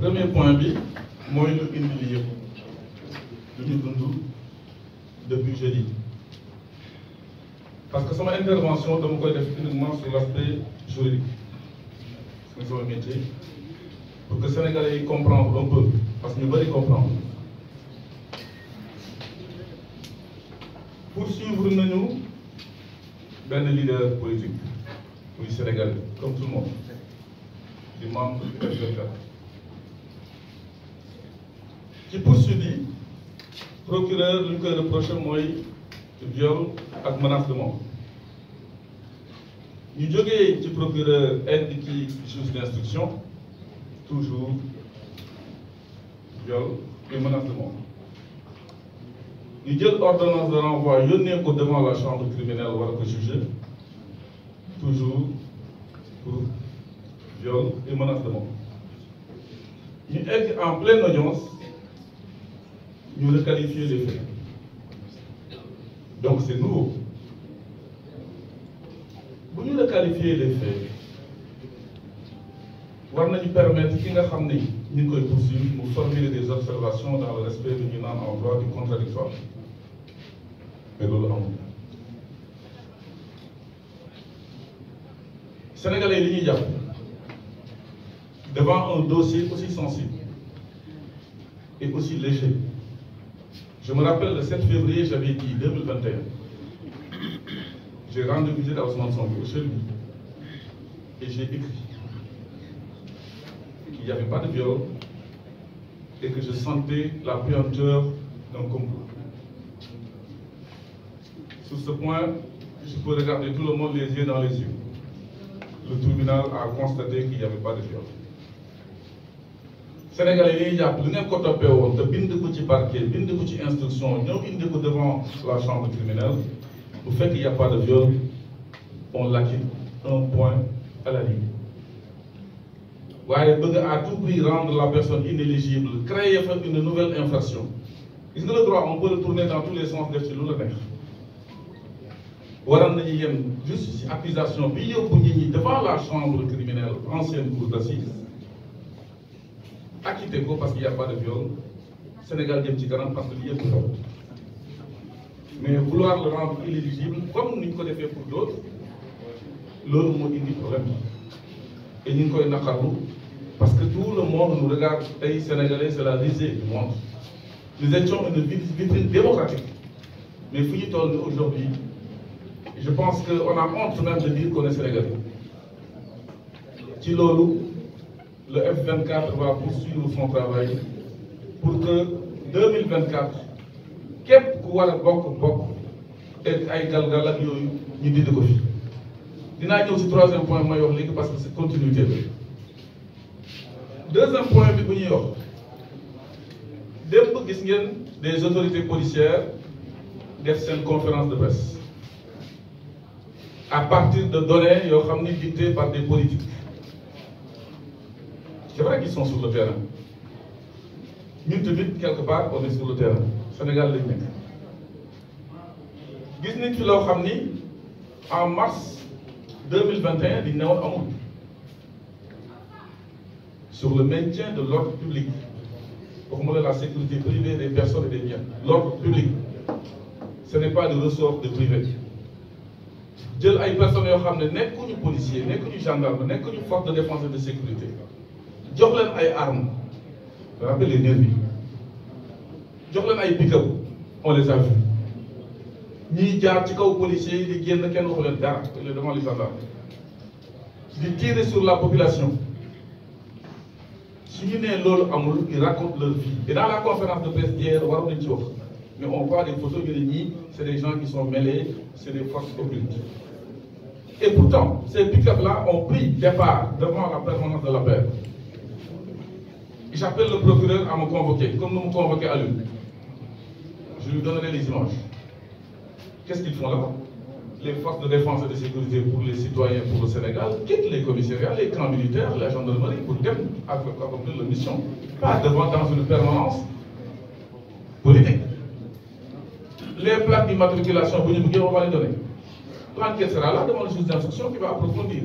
premier point bi moi ñu indi li de lu depuis jeudi parce que ma intervention dama koy def uniquement sur l'aspect juridique c'est sama métier pour que sénégalais yi comprendre un peu parce que ñu y comprendre poursuivre nañu benn leader politique muy Sénégal comme tout le monde di membre du qui poursuivi procureur lu reproche koy moi, de viol et menace de mort Nous jógee aide procureur indiqué juge d'instruction toujours viol et menace de mort Nous ordonnance de renvoi yónnee ko devant la chambre criminelle ou le juger toujours pour viol et menace de mort en pleine audience le requalifier les faits donc c'est nouveau Nous nous requalifier les faits voire nous permettre ki nga formuler des observations dans le respect du l'union en droit du contradictoire mais loolu le sénégalais yi devant un dossier aussi sensible et aussi léger je me rappelle le 7 février, j'avais dit 2021. J'ai rendu visite à Ousmane ensemble chez lui. Et j'ai écrit qu'il n'y avait pas de viol et que je sentais la puanteur d'un complot. Sur ce point, je peux regarder tout le monde les yeux dans les yeux. Le tribunal a constaté qu'il n'y avait pas de viol. Sénégalais yi a jàpp lu ngeen ko topé won te bind ko ci parquet bind ko ci instruction ñoo indi ko devant la chambre criminelle fait qu'il n'y a pas de viol on l'acquitte un point à la ligne waaye bëgg à tout prix rendre la personne inéligible créer une nouvelle infraction gis nga le droit on peut le tourner dans tous les sens def ci lu la neex waral nañu yem juste ci accusation bi yóbbu nit ñi devant la chambre criminelle ancienne cour d'assises acquitté quoi parce qu'il n'y a pas de viol Sénégal un petit kanam parce que est pour mais vouloir le rendre illégible, comme nous l'avons fait pour d'autres leur mot indi problème et nous l'avons koy parce que tout le monde nous regarde pays sénégalais c'est la risée du monde nous étions une vitrine démocratique mais vous aujourd'hui je pense qu'on a honte même de dire qu'on est sénégalais le F24 va poursuivre son travail pour que 2024 quest ce que a bokk à te ay galgal ak yooyu ñu troisième point parce que c'est continuité deuxième point bi bu ñuy des autorités policières des une conférence de presse à partir de données qui ont été dictées par des politiques c'est vrai qu'ils sont sur le terrain. ñun vite, quelque part on est sur le terrain Sénégal les mecs. gis qui ci lo en mars 2021, il n'y en sur le maintien de l'ordre public Pour la la sécurité privée des personnes et des biens l'ordre public ce n'est pas de ressort de privé jël ay personnes yoo les que nekkuñu policier nekkuñu gendarme nekkuñu force de défense et de sécurité a une ay armes rappelez les nervis jox ay pick-up on les a vus. ni ci policier, policiers di génn kenn le devant les gendarmes Ils tirer sur la population Si ñu nee ils racontent leur vie et dans la conférence de presse hier, on voit ci mais on voit des photos de l'ennemi, c'est des gens qui sont mêlés c'est des forces occultes et pourtant ces pick-up là ont pris départ devant la permanence de la paix j'appelle le procureur à me convoquer, comme nous me convoquer à lui. Je lui donnerai les images. Qu'est-ce qu'ils font là-bas Les forces de défense et de sécurité pour les citoyens, pour le Sénégal, quittent les commissariats, les camps militaires, la gendarmerie pour accomplir leur mission. Pas devant dans une permanence politique. Les plaques d'immatriculation, on va les donner. L'enquête sera là devant le juge d'instruction qui va approfondir.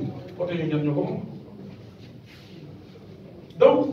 Donc,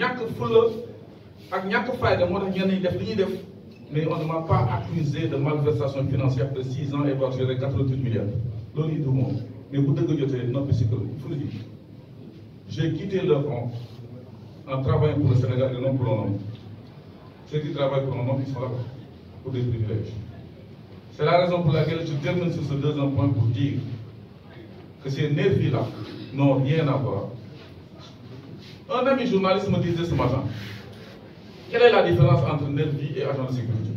ak fayda mais on ne m'a pas accusé de malversation financière de 6 ans et éventuellement quatre vingt milliards loolu du monde. mais bu dëgg jotee noppi si kër j'ai quitté le fond en travaillant pour le Sénégal et non pour l'homme ceux qui travaillent pour l'homme ils sont là pour des privilèges c'est la raison pour laquelle je termine sur ce deuxième point pour dire que ces nervis-là n'ont rien à voir un ami journaliste me disait ce matin, quelle est la différence entre nervi et agent de sécurité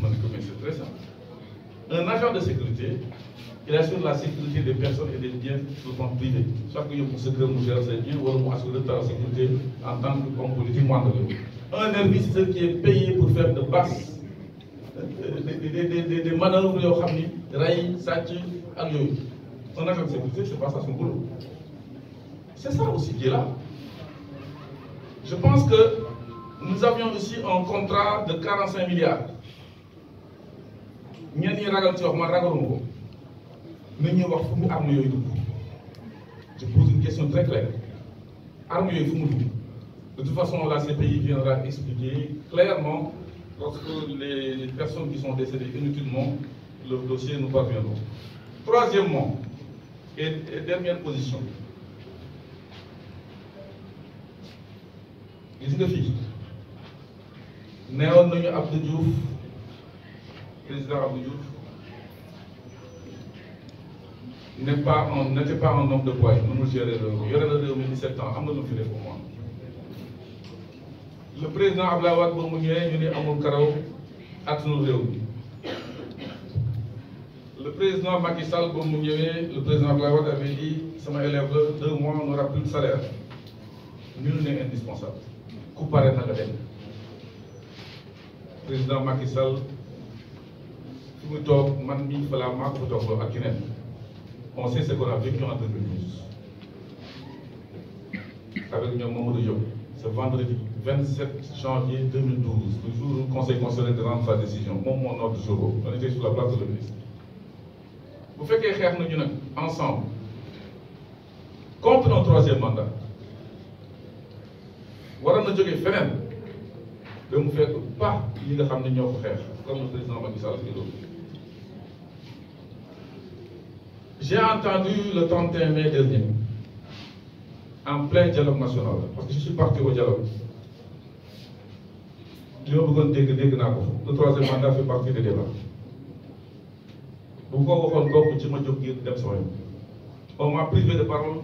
Je me c'est très simple. Un agent de sécurité, il assure la sécurité des personnes et des biens sous forme soit Chaque jour, pour secret, nous gère ses biens, ou la sécurité en tant que comme politique Un nervi, c'est celui qui est payé pour faire de basses, des, des, de des manœuvres, des rails, satire, Un agent de sécurité, c'est pas ça son boulot. C'est ça aussi qui est là. Je pense que nous avions aussi un contrat de 45 milliards. Je pose une question très claire. De toute façon, la CPI viendra expliquer clairement lorsque les personnes qui sont décédées inutilement, le dossier nous parviendra. Troisièmement, et dernière position, gis nga fii neewoon nañu Abdou Diouf président Abdou Diouf n'est pas un n'était pas un homme de poids nous gérer réew mi yore na réew mi 17 ans am na lu fi def moi le président Abdoulaye Wade bo mu ñëwé ñu ni amul karaw ñu réew mi le président Macky Sall ba mu ñëwé le président Abdoulaye Wade avait dit sama élève deux mois on n'aura plus de salaire nul n'est indispensable vous pare la président Macky Sall tout man mii on sait ce qu'on a vécu en 2012 avec de Diop ce vendredi 27 janvier 2012 le jour où le conseil constitutionnel de rendre sa décision mon mon de on était sur la place de le ministre Vous faites que nous ensemble contre notre troisième mandat waroon na jógee feneen da mu fekk pas yi nga xam ne ñoo ko xeex comme le président Macky Sall et d'autres j'ai entendu le 31 mai dernier en plein dialogue national parce que je suis parti au dialogue li ma bëggoon dégg dégg naa ko le troisième mandat fait partie des débats bu ko waxoon bokk ci ma jóg ngir dem sama yoon on m'a privé de parole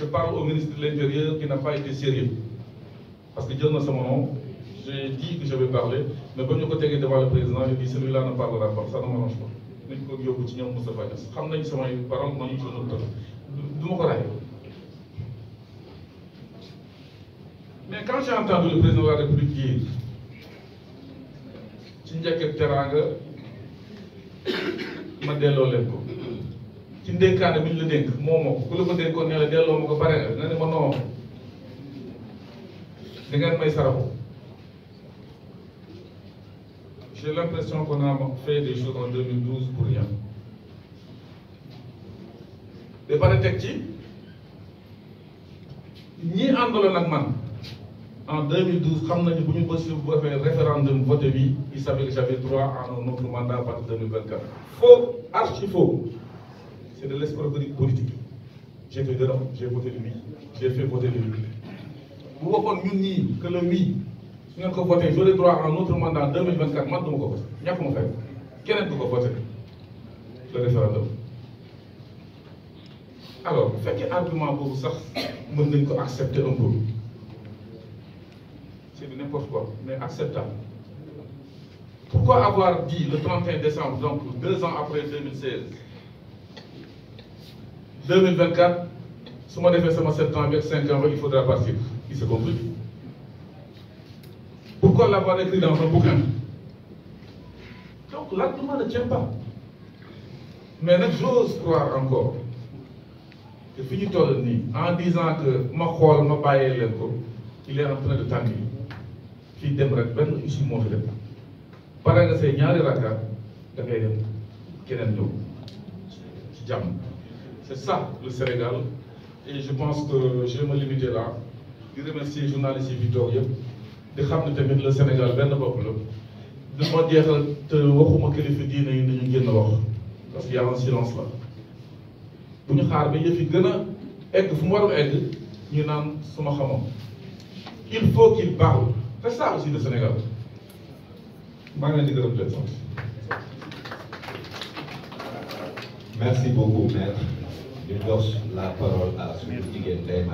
je parle au ministre de l'intérieur qui n'a pas été sérieux parce que jël ce sama nom j'ai dit que je vais parler mais quand je suis devant le président j'ai dit celui-là ne parlera pas ça ne m'arrange pas Je ko Ça, ci si je ne du mais quand j'ai entendu le président de la République dire je ko ci de ñu que pas ko ko ne la pas j'ai l'impression qu'on a fait des choses en 2012 pour rien Les parents ni un ñi àndaloon ak man en 2012 xam que si vous un faire un référendum voté bi il savait que j'avais droit à un autre mandat à partir de 2024 faux archi faux c'est de l'escroquerie politique j'ai fait de j'ai voté lui j'ai fait voter lui nous ñun que le MI su ngeen voté j'aurai droit à un autre mandat 2024 je ne ma pas voté ñàkk ma fay keneen voter ko voté le référendum alors bu un argument pour sax mën ne ko accepter un peu c'est n'importe quoi mais acceptable pourquoi avoir dit le 31 décembre donc deux ans après 2016 2024 si ma de sama 7 ans avec cinq ans il faudra partir qui s'est compris. Pourquoi l'avoir écrit dans un bouquin Donc l'argument ne tient pas. Mais j'ose croire encore que nid en disant que Makhol ma Lenko, il est en train de tanguer. il demeure ben, ici, moi je l'aime. Par exemple, c'est Nyari Raka, c'est ça le Sénégal. Et je pense que je vais me limiter là. di remercier journalistes yi fi toog yëpp di xam ne tamit le Sénégal benn bopp la du ma jeexal te waxuma kilifa diine yi nañu génn wax parce que y a un silence la bu ñu xaar ba yëf yi gën a egg fu mu war a egg ñu naan suma xamam il faut qu'il parle c'est ça aussi le Sénégal maa ngi leen di gërëm di sant. merci beaucoup maître ñu jox la parole à suñu jigéen